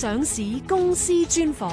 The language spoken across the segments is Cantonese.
上市公司專訪。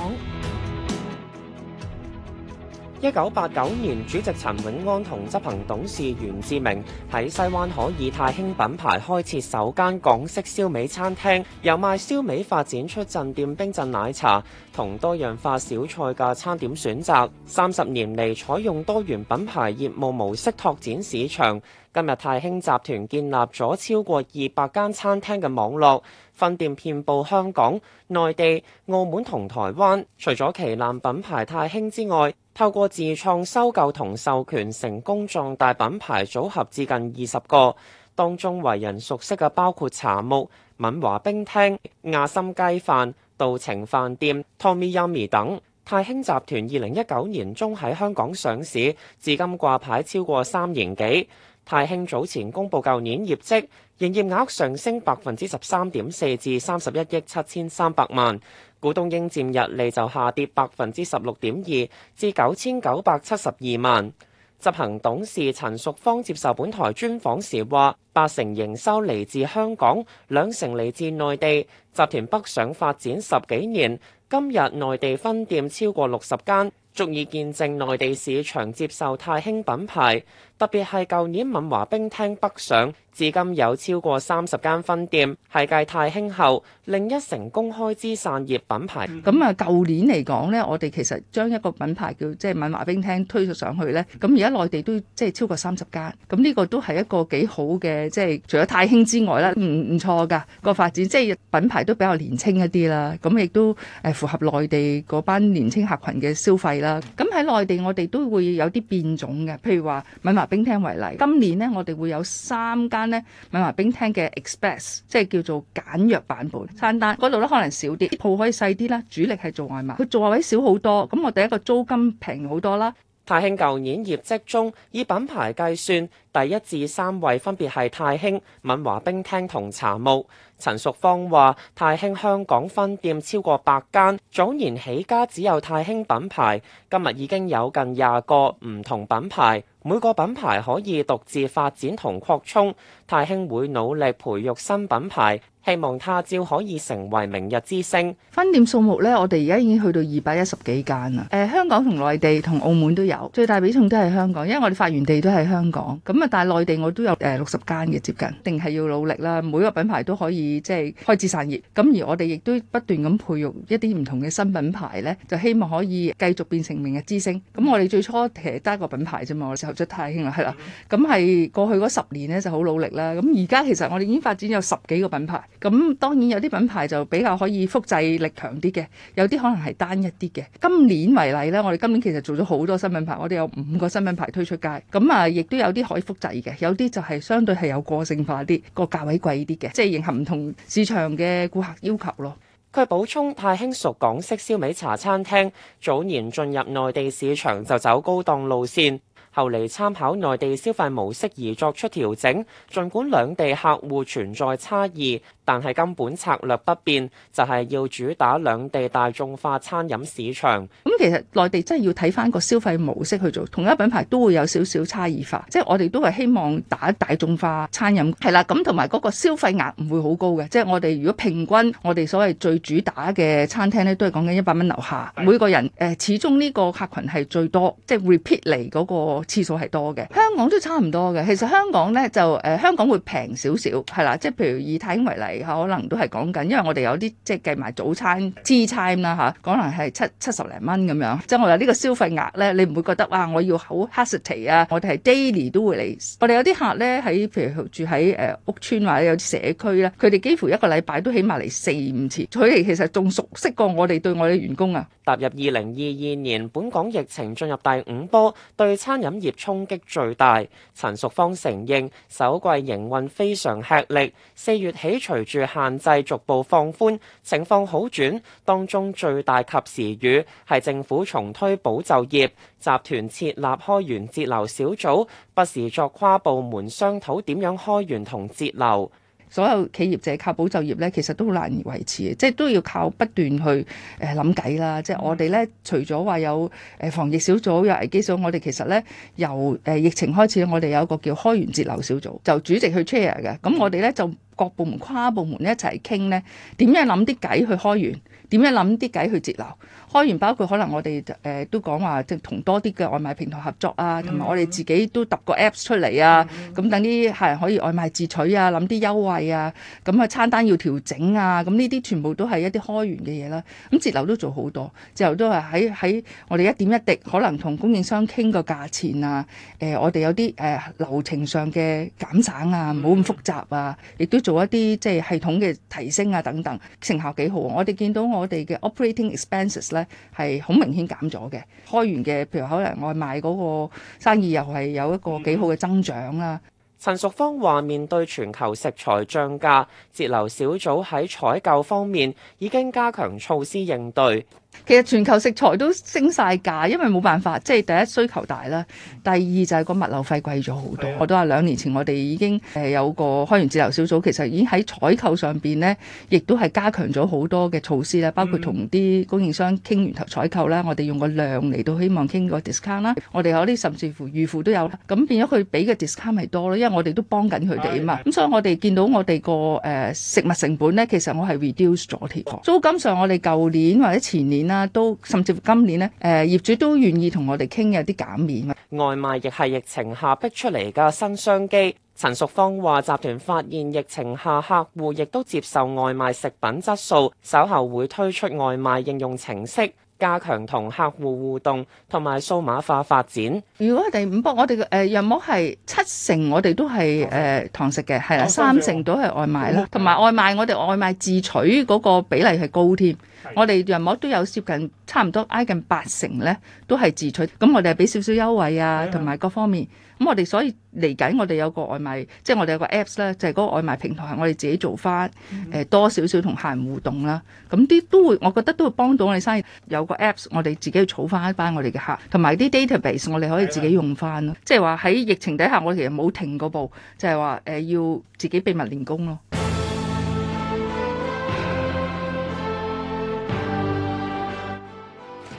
一九八九年，主席陳永安同執行董事袁志明喺西灣河以太興品牌開設首間港式燒味餐廳，由賣燒味發展出鎮店冰鎮奶茶同多樣化小菜嘅餐點選擇。三十年嚟，採用多元品牌業務模式拓展市場。今日太興集團建立咗超過二百間餐廳嘅網絡。分店遍布香港、內地、澳門同台灣。除咗旗艦品牌太興之外，透過自創、收購同授權成功壯大品牌組合至近二十個。當中為人熟悉嘅包括茶木、敏華冰廳、亞參雞飯、稻埕飯店、Tommy Yummy 等。太興集團二零一九年中喺香港上市，至今掛牌超過三年幾。太興早前公布舊年業績，營業額上升百分之十三點四至三十一億七千三百萬，股東應佔溢利就下跌百分之十六點二至九千九百七十二萬。執行董事陳淑芳接受本台專訪時話：八成營收嚟自香港，兩成嚟自內地。集團北上發展十幾年。今日內地分店超過六十間，足以見證內地市場接受太興品牌。特別係舊年敏華冰廳北上，至今有超過三十間分店，係繼太興後另一成功開枝散葉品牌。咁啊、嗯，舊年嚟講呢，我哋其實將一個品牌叫即係、就是、敏華冰廳推咗上去呢。咁而家內地都即係、就是、超過三十間，咁呢個都係一個幾好嘅，即、就、係、是、除咗太興之外啦，唔唔錯㗎個發展，即、就、係、是、品牌都比較年輕一啲啦。咁亦都符合內地嗰班年輕客群嘅消費啦。咁喺內地我哋都會有啲變種嘅，譬如話冰廳為例，今年咧我哋會有三間咧敏華冰廳嘅 express，即係叫做簡約版本餐單。嗰度咧可能少啲，鋪可以細啲啦，主力係做外賣，佢座位少好多。咁我哋一個租金平好多啦。太興舊年業績中，以品牌計算，第一至三位分別係太興、敏華冰廳同茶木。陳淑芳話：太興香港分店超過百間，早年起家只有太興品牌，今日已經有近廿個唔同品牌，每個品牌可以獨自發展同擴充。太興會努力培育新品牌。希望他朝可以成為明日之星。分店數目咧，我哋而家已經去到二百一十幾間啦。誒、呃，香港同內地同澳門都有，最大比重都係香港，因為我哋發源地都係香港。咁啊，但係內地我都有誒六十間嘅接近，定係要努力啦。每個品牌都可以即係開始散葉。咁而我哋亦都不斷咁培育一啲唔同嘅新品牌咧，就希望可以繼續變成明日之星。咁我哋最初其實得一個品牌啫嘛，我哋時候出太興啦，係、hmm. 啦。咁係過去嗰十年咧就好努力啦。咁而家其實我哋已經發展有十幾個品牌。咁當然有啲品牌就比較可以複製力強啲嘅，有啲可能係單一啲嘅。今年為例呢，我哋今年其實做咗好多新品牌，我哋有五個新品牌推出街，咁啊，亦都有啲可以複製嘅，有啲就係相對係有個性化啲，個價位貴啲嘅，即係迎合唔同市場嘅顧客要求咯。佢補充，太興屬港式燒味茶餐廳，早年進入內地市場就走高檔路線。後嚟參考內地消費模式而作出調整，儘管兩地客戶存在差異，但係根本策略不變，就係要主打兩地大眾化餐飲市場。咁其實內地真係要睇翻個消費模式去做，同一品牌都會有少少差異化，即係我哋都係希望打大眾化餐飲，係啦，咁同埋嗰個消費額唔會好高嘅，即係我哋如果平均我哋所謂最主打嘅餐廳咧，都係講緊一百蚊樓下，每個人誒，始終呢個客群係最多，即係 repeat 嚟嗰個。次數係多嘅，香港都差唔多嘅。其實香港呢，就誒、呃、香港會平少少，係啦，即係譬如以太興為例，可能都係講緊，因為我哋有啲即係計埋早餐 tea time 啦嚇，可能係七七十零蚊咁樣。即係我話呢個消費額呢，你唔會覺得哇、呃，我要好 hassle 啊！我哋係 daily 都會嚟，我哋有啲客呢，喺譬如住喺誒屋邨或者有啲社區呢，佢哋幾乎一個禮拜都起碼嚟四五次。佢哋其實仲熟悉過我哋對外嘅員工啊！踏入二零二二年，本港疫情進入第五波，對餐飲，業衝擊最大，陳淑芳承認首季營運非常吃力。四月起，隨住限制逐步放寬，情況好轉。當中最大及時雨係政府重推保就業，集團設立開源節流小組，不時作跨部門商討點樣開源同節流。所有企業就係靠保就業咧，其實都難以維持，即係都要靠不斷去誒諗計啦。即係我哋咧，除咗話有誒防疫小組、有危機小組，我哋其實咧由誒疫情開始，我哋有一個叫開源節流小組，就主席去 chair 嘅。咁我哋咧就。各部門、跨部門一齊傾咧，點樣諗啲計去開源？點樣諗啲計去節流？開源包括可能我哋誒都講話即同多啲嘅外賣平台合作啊，同埋我哋自己都揼個 apps 出嚟啊，咁等啲客人可以外賣自取啊，諗啲優惠啊，咁啊餐單要調整啊，咁呢啲全部都係一啲開源嘅嘢啦。咁節流都做好多，節流都係喺喺我哋一點一滴，可能同供應商傾個價錢啊，誒我哋有啲誒流程上嘅減省啊，唔好咁複雜啊，亦都。做一啲即係系統嘅提升啊，等等，成效幾好，我哋見到我哋嘅 operating expenses 咧，係好明顯減咗嘅，開源嘅，譬如可能外賣嗰個生意又係有一個幾好嘅增長啦。陳、嗯、淑芳話，面對全球食材漲價，節流小組喺採購方面已經加強措施應對。其實全球食材都升晒價，因為冇辦法，即係第一需求大啦，第二就係個物流費貴咗好多。的我都話兩年前我哋已經誒有個開源節流小組，其實已經喺採購上邊咧，亦都係加強咗好多嘅措施咧，包括同啲供應商傾源頭採購啦，嗯、我哋用個量嚟到希望傾個 discount 啦，我哋有啲甚至乎預付都有啦。咁變咗佢俾嘅 discount 係多咯，因為我哋都幫緊佢哋啊嘛。咁的所以我哋見到我哋個誒食物成本咧，其實我係 reduce 咗啲租金上，我哋舊年或者前年啦，都甚至今年呢，誒業主都願意同我哋傾有啲減免。外賣，亦係疫情下逼出嚟嘅新商機。陳淑芳話，集團發現疫情下客戶亦都接受外賣食品質素，稍後會推出外賣應用程式。加強同客戶互動，同埋數碼化發展。如果第五波，我哋嘅誒日冇係七成我，我哋都係誒堂食嘅，係啦，哦、三成都係外賣啦。同埋、哦、外賣，我哋外賣自取嗰個比例係高添。哦、我哋日膜都有接近。差唔多挨近八成咧，都係自取。咁我哋係俾少少優惠啊，同埋的各方面。咁我哋所以嚟緊，我哋有個外賣，即係我哋有個 Apps 咧，就係嗰個外賣平台，我哋自己做翻。誒、嗯嗯、多少少同客人互動啦。咁啲都會，我覺得都會幫到我哋生意。有個 Apps，我哋自己要儲翻一班我哋嘅客，同埋啲 database，我哋可以自己用翻咯。即係話喺疫情底下，我哋其實冇停過步，就係話誒要自己秘密練功咯。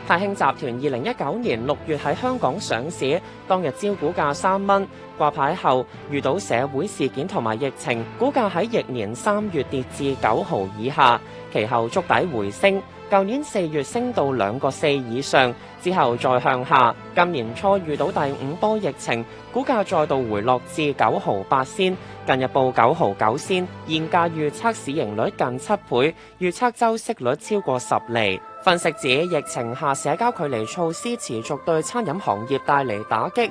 太興集團二零一九年六月喺香港上市，當日招股價三蚊。掛牌後遇到社會事件同埋疫情，股價喺翌年三月跌至九毫以下，其後觸底回升。舊年四月升到兩個四以上，之後再向下。今年初遇到第五波疫情，股價再度回落至九毫八仙，近日報九毫九仙。現價預測市盈率近七倍，預測周息率超過十厘。分析指疫情下社交距離措施持續對餐飲行業帶嚟打擊。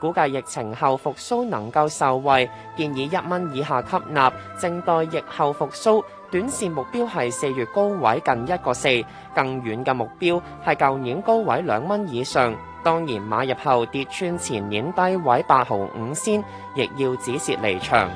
估計疫情後復甦能夠受惠，建議一蚊以下吸納，靜待疫後復甦。短線目標係四月高位近一個四，更遠嘅目標係舊年高位兩蚊以上。當然買入後跌穿前年低位八毫五先，亦要止蝕離場。